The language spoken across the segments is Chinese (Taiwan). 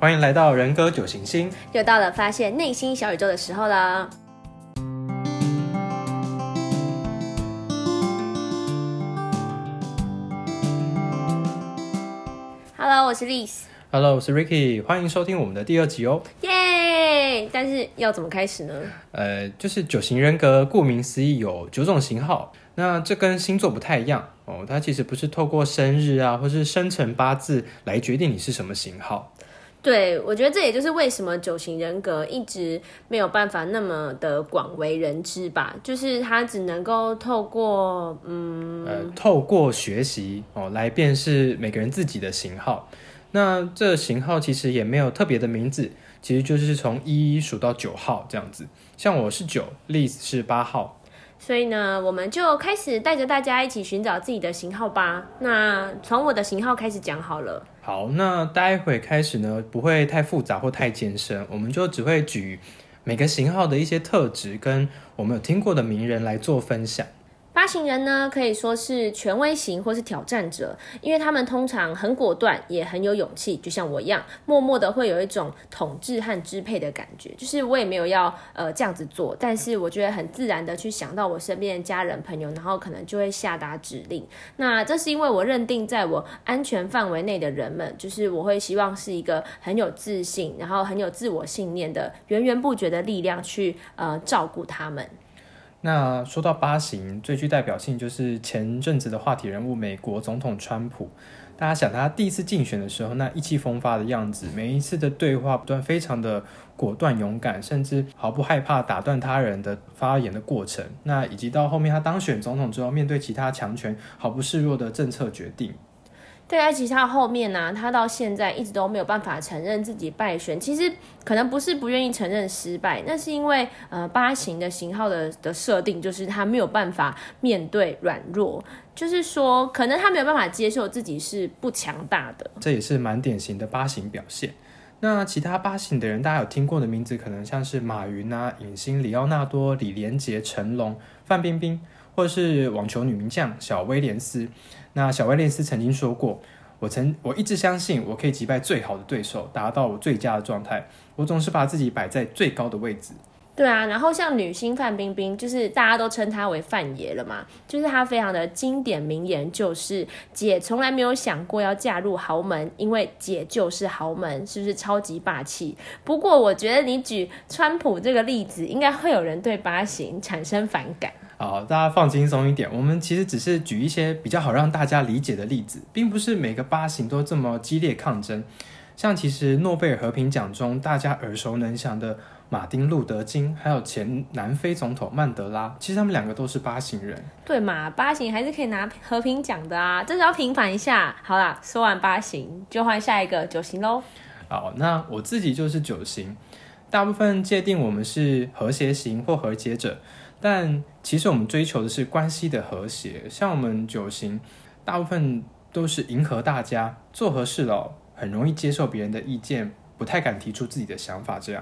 歡迎來到人格九行星，又到了發現內心小宇宙的時候了。Hello，我是 Liz。Hello，我是 Ricky。歡迎收聽我們的第二集哦。耶、Yeah!！但是要怎麼開始呢？呃，就是九型人格，顧名思義有九種型號。那這跟星座不太一樣哦，它其實不是透過生日啊，或是生辰八字來決定你是什麼型號。對，我覺得這也就是為什麼九型人格一直沒有辦法那麼的廣為人知吧，就是它只能夠透過嗯呃透過學習哦來辨識每個人自己的型號。那這型號其實也沒有特別的名字，其實就是從一數到九號這樣子。像我是九，Liz 是八號。所以呢，我們就開始帶着大家一起尋找自己的型號吧。那從我的型號開始講好了。好，那待會開始呢，不會太複雜或太艱深，我們就只會舉每個型號的一些特質，跟我們有聽過的名人來做分享。八型人呢，可以說是權威型或是挑戰者，因為他們通常很果斷，也很有勇氣，就像我一樣，默默的會有一種統治和支配的感覺。就是我也沒有要呃這樣子做，但是我覺得很自然的去想到我身邊的家人朋友，然後可能就會下達指令。那這是因為我認定在我安全範圍內的人們，就是我會希望是一個很有自信，然後很有自我信念的源源不絕的力量去呃照顧他們。那說到八型最具代表性，就是前陣子的話題人物美國總統川普。大家想他第一次競選的時候，那意氣風發的樣子，每一次的對話不斷，非常的果斷勇敢，甚至毫不害怕打斷他人的發言的過程。那以及到後面他當選總統之後，面對其他強權毫不示弱的政策決定。對啊，其實他後面呢、啊，他到現在一直都沒有辦法承認自己敗選。其實可能不是不願意承認失敗，那是因為呃八型的型號的的設定就是他沒有辦法面對軟弱，就是說可能他沒有辦法接受自己是不強大的。這也是蠻典型的八型表現。那其他八型的人，大家有聽過的名字可能像是馬雲啊、影星李奧納多、李連杰、成龍、范冰冰。或是網球女名將小威廉斯，那小威廉斯曾經說過：“我曾我一直相信我可以擊敗最好的對手，達到我最佳的狀態。我總是把自己擺在最高的位置。”對啊，然後像女星范冰冰，就是大家都稱她為“范爺”了嘛，就是她非常的經典名言就是：“姐從來沒有想過要嫁入豪門，因為姐就是豪門。”是不是超級霸氣？不過我覺得你舉川普這個例子，應該會有人對八型產生反感。好，大家放輕鬆一點。我們其實只是舉一些比較好讓大家理解的例子，並不是每個八型都這麼激烈抗爭。像其實諾貝爾和平獎中大家耳熟能詳的馬丁路德金，還有前南非總統曼德拉，其實他們兩個都是八型人。對嘛，八型還是可以拿和平獎的啊，就是要平反一下。好啦，說完八型就換下一個九型嘍。好，那我自己就是九型，大部分界定我們是和諧型或和解者。但其實我們追求的是關係的和諧，像我們九型，大部分都是迎合大家，做和事佬，哦，很容易接受別人的意見，不太敢提出自己的想法。這樣，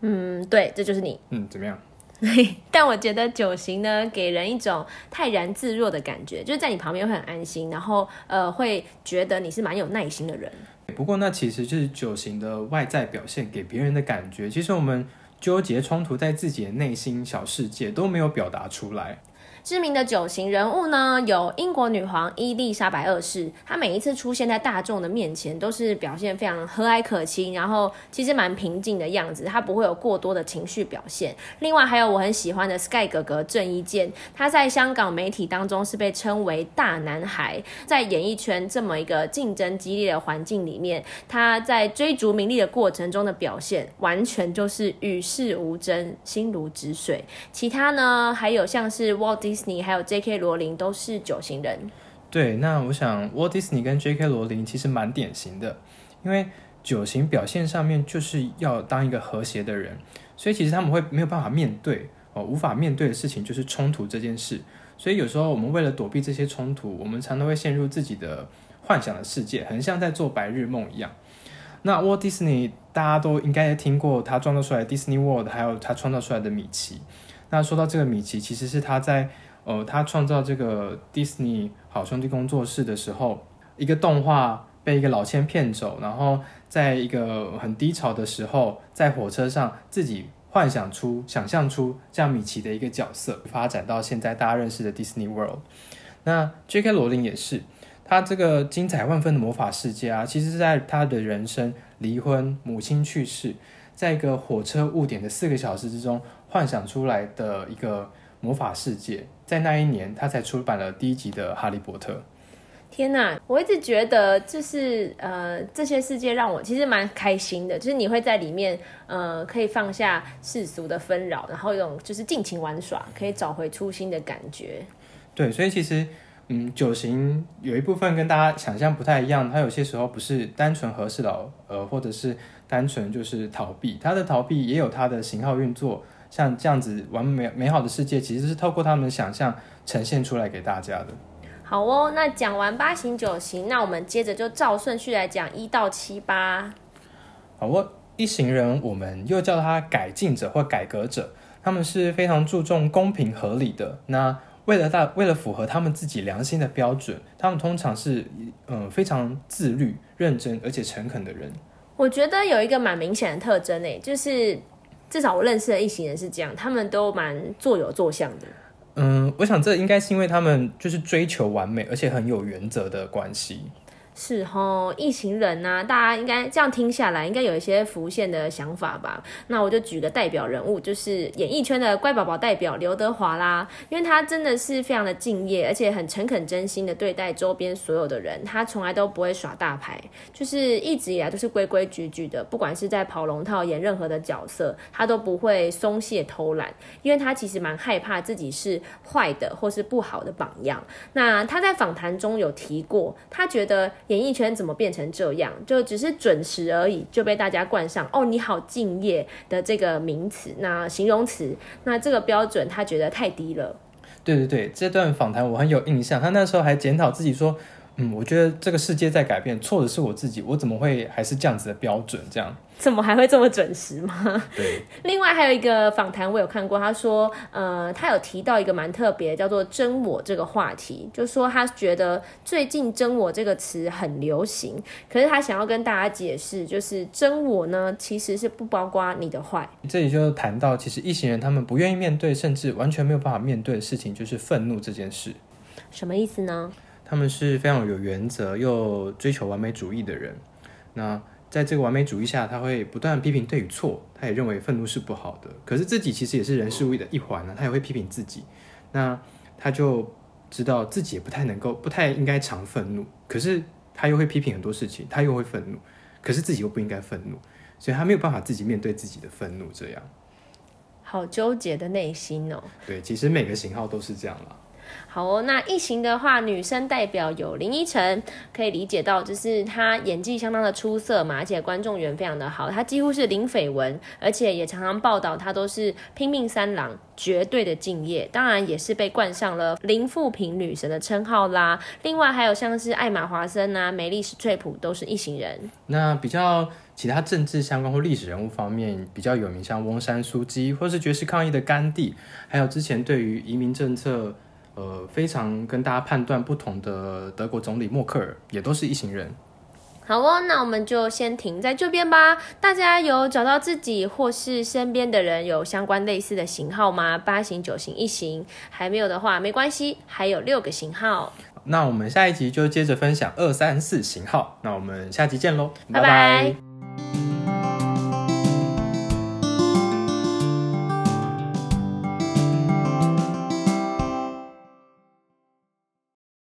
嗯，對，這就是你。嗯，怎麼樣？ 但我覺得九型呢，給人一種泰然自若的感覺，就是在你旁邊會很安心，然後呃，會覺得你是蠻有耐心的人。不過那其實就是九型的外在表現，給別人的感覺。其實我們。糾結衝突在自己的內心小世界，都沒有表達出來。知名的九型人物呢，有英國女皇伊麗莎白二世，她每一次出現在大眾的面前，都是表現非常和藹可親，然後其實蠻平靜的樣子，她不會有過多的情緒表現。另外還有我很喜歡的 Sky 哥哥鄭伊健，他在香港媒體當中是被稱為大男孩，在演藝圈這麼一個競爭激烈的環境裡面，他在追逐名利的過程中的表現，完全就是與世無爭，心如止水。其他呢，還有像是 Walt Disney。尼還有 J.K. 羅琳都是九型人，對，那我想沃迪士尼跟 J.K. 羅琳其實蠻典型的，因為九型表現上面就是要當一個和諧的人，所以其實他們會沒有辦法面對哦，無法面對的事情就是衝突這件事，所以有時候我們為了躲避這些衝突，我們常常會陷入自己的幻想的世界，很像在做白日夢一樣。那沃迪士尼大家都應該也聽過，他創造出來的迪士尼 World，還有他創造出來的米奇。那說到這個米奇，其實是他在。呃，他創造這個 Disney 好兄弟工作室的時候，一個動畫被一個老千騙走，然後在一個很低潮的時候，在火車上自己幻想出、想象出像米奇的一個角色，發展到現在大家認識的 Disney World。那 J.K. 羅琳也是，他這個精彩萬分的魔法世界啊，其實是在他的人生離婚、母親去世，在一個火車誤點的四個小時之中幻想出來的一個魔法世界。在那一年，他才出版了第一集的《哈利波特》。天哪，我一直覺得就是呃，這些世界讓我其實蠻開心的，就是你會在裡面呃，可以放下世俗的紛擾，然後用就是盡情玩耍，可以找回初心的感覺。對，所以其實嗯，九型有一部分跟大家想象不太一樣，它有些時候不是單純和事老，呃，或者是單純就是逃避，它的逃避也有它的型號運作。像這樣子完美美好的世界，其實是透過他們想象呈現出來給大家的。好哦，那講完八型九型，那我們接着就照順序來講一到七八。好，一型人，我們又叫他改進者或改革者，他們是非常注重公平合理的。那為了大，為了符合他們自己良心的標準，他們通常是嗯、呃、非常自律、認真而且誠懇的人。我覺得有一個蠻明顯的特徵誒，就是。至少我認識的一型人是這樣，他們都蠻坐有坐相的。嗯，我想這應該是因為他們就是追求完美，而且很有原則的關係。是吼，一型人啊，大家應該這樣聽下來，應該有一些浮現的想法吧。那我就舉個代表人物，就是演藝圈的乖寶寶代表劉德華啦，因為他真的是非常的敬業，而且很誠懇、真心的對待周邊所有的人。他從來都不會耍大牌，就是一直以來都是規規矩矩的。不管是在跑龍套演任何的角色，他都不會鬆懈偷懶，因為他其實蠻害怕自己是壞的或是不好的榜樣。那他在訪談中有提過，他覺得。演藝圈怎麼變成這樣？就只是準時而已，就被大家冠上“哦，你好敬業”的這個名詞，那形容詞，那這個標準他覺得太低了。對對對，這段訪談我很有印象，他那時候還檢討自己說。嗯，我覺得這個世界在改變，錯的是我自己，我怎麼會還是這樣子的標準？這樣怎麼還會這麼準時嗎？對。另外還有一個訪談我有看過，他說，呃，他有提到一個蠻特別，叫做“真我”這個話題，就是說他覺得最近“真我”這個詞很流行，可是他想要跟大家解釋，就是“真我”呢其實是不包括你的壞。這裡就談到，其實九型人他們不願意面對，甚至完全沒有辦法面對的事情，就是憤怒這件事。什麼意思呢？他們是非常有原則又追求完美主義的人。那在這個完美主義下，他會不斷批評對與錯。他也認為憤怒是不好的。可是自己其實也是人事物的一環啊，他也會批評自己。那他就知道自己也不太能夠、不太應該常憤怒。可是他又會批評很多事情，他又會憤怒。可是自己又不應該憤怒，所以他沒有辦法自己面對自己的憤怒。這樣，好糾結的內心哦。對，其實每個型號都是這樣啦。好哦，那一型的話，女生代表有林依晨，可以理解到就是她演技相當的出色嘛，而且觀眾緣非常的好，她幾乎是零緋聞，而且也常常報道她都是拼命三郎，絕對的敬業，當然也是被冠上了零負評女神的稱號啦。另外還有像是艾瑪華森啊、梅麗史翠普，都是一型人。那比較其他政治相關或歷史人物方面比較有名，像翁山蘇姬或是絕食抗議的甘地，還有之前對於移民政策。呃，非常跟大家判斷不同的德國總理默克爾，也都是一行人。好哦，那我們就先停在這邊吧。大家有找到自己或是身邊的人有相關類似的型號嗎？八型、九型、一型，還沒有的話，沒關係，還有六個型號。那我們下一集就接着分享二三四型號。那我們下期見下集見嘍，拜拜。Bye bye